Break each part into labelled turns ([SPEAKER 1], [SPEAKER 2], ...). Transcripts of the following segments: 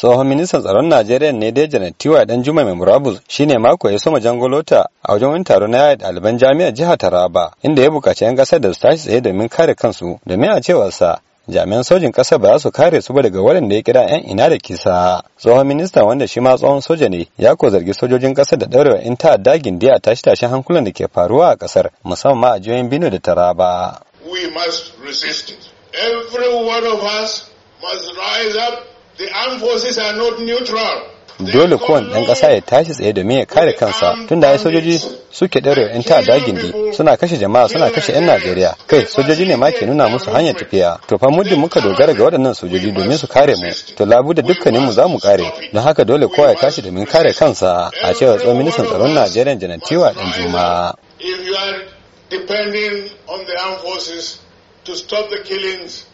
[SPEAKER 1] tsohon ministan tsaron najeriya ne dai janet tiwa dan juma mai murabus shine mako ya soma jangolota a wajen wani taro na yaya ɗaliban jami'ar jiha taraba inda ya bukaci 'yan ƙasar da su tashi tsaye domin kare kansu domin a cewar sa jami'an sojin ƙasar ba za su kare su ba daga wadanda ya kira 'yan ina da kisa tsohon ministan wanda shi ma tsohon soja ne ya ko zargi sojojin ƙasar da ɗaurewa 'yan dagin gindi a tashi tashen hankulan da ke faruwa a ƙasar musamman a jihohin Bino da Taraba.
[SPEAKER 2] We must resist it. Every one of us must rise up
[SPEAKER 1] dole kowane ɗan ƙasa ya tashi tsaye domin ya kare kansa Tun da ai sojoji suke ɗaure 'yan ta'adda gindi suna kashe jama'a suna kashe 'yan najeriya kai sojoji ne ma ke nuna musu hanyar tafiya to fa muddin muka dogara ga waɗannan sojoji domin su kare mu to da dukkanin mu za mu kare don haka dole kowa ya tashi domin kare kansa a cewar tsohon ministan tsaron najeriya janar tiwa ɗan juma
[SPEAKER 2] If you on the armed
[SPEAKER 1] to stop the killings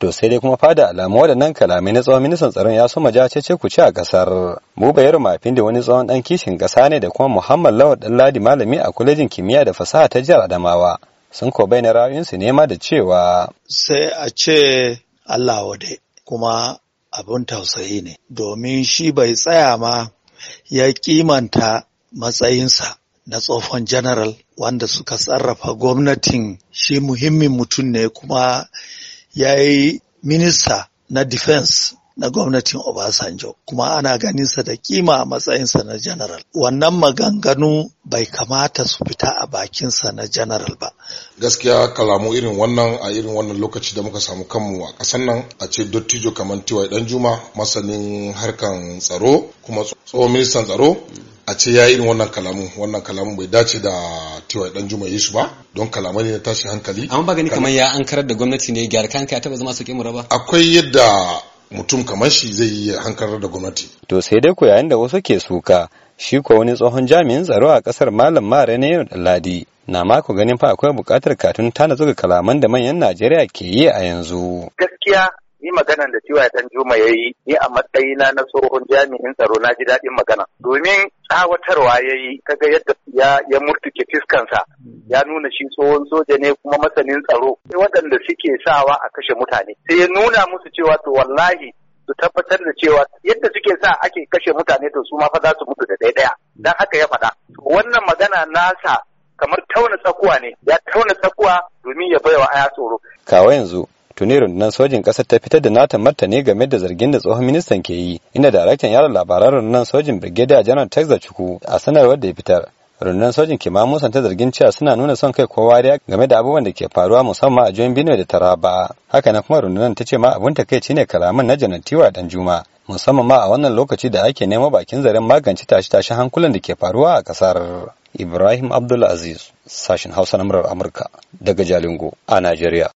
[SPEAKER 1] To sai dai kuma fada alamu waɗannan kalamai na tsawon ministan tsaron ya soma ja ce ku ci a ƙasar. bayar mafin da wani tsawon ɗan kishin ƙasa ne da kuma Muhammad Lawal ɗan Ladi malami a kwalejin kimiyya da fasaha ta jihar Adamawa. Sun ko na ra'ayinsu su nema da cewa. Sai a ce Allah wade kuma
[SPEAKER 2] abin tausayi ne domin shi bai tsaya ma ya kimanta matsayinsa na tsohon general wanda suka sarrafa gwamnatin shi muhimmin mutum ne kuma ya yi minista na defense na gwamnatin Obasanjo kuma ana ganinsa da kima a matsayinsa na general. Wannan maganganu bai kamata su fita a bakinsa na general ba. Gaskiya kalamu irin wannan a irin wannan lokaci da muka samu kanmu a ƙasar nan a ce dottijo kamar tiwai dan juma masanin harkan tsaro kuma tsohon ministan tsaro a ce ya irin wannan kalamun wannan kalamun bai dace da tiwa dan juma yi su ba don kalamai ne na tashin hankali
[SPEAKER 1] amma ba gani kamar ya an karar da gwamnati ne gyara kanka ya taba zama su mu raba akwai yadda mutum kamar shi zai yi hankarar da gwamnati to sai dai ko yayin da wasu ke suka shi ko wani tsohon jami'in tsaro a kasar malam mare ne ladi na mako ganin fa akwai bukatar katun tana zuga kalaman da manyan Najeriya ke yi a yanzu
[SPEAKER 3] gaskiya ni maganan da tiwa dan juma yayi ni a matsayina na tsohon jami'in tsaro na ji daɗin magana domin tsawatarwa ya yi kaga yadda ya murtuke fiskansa ya nuna shi tsohon soja ne kuma masanin tsaro sai waɗanda suke sawa a kashe mutane sai ya nuna musu cewa to wallahi su tabbatar da cewa yadda suke sa ake kashe mutane to su ma fa za su mutu da ɗaya ɗaya dan haka ya faɗa wannan magana nasa kamar tauna tsakuwa ne ya tauna tsakuwa domin ya baiwa aya tsoro
[SPEAKER 1] kawa yanzu tuni rundunar sojin ƙasar ta fitar da nata martani game da zargin da tsohon ministan ke yi inda daraktan yara labaran rundunar sojin brigadier general texas cuku a sanarwar da ya fitar rundunar sojin ke musan ta zargin cewa suna nuna son kai ko wariya game da abubuwan da ke faruwa musamman a juyin benue da taraba haka na kuma rundunar ta ce ma abin takaici ne kalaman na janatiwa dan juma musamman ma a wannan lokaci da ake neman bakin zaren magance tashe-tashen hankulan da ke faruwa a kasar ibrahim abdulaziz sashen hausa na murar amurka daga jalingo
[SPEAKER 2] a
[SPEAKER 3] najeriya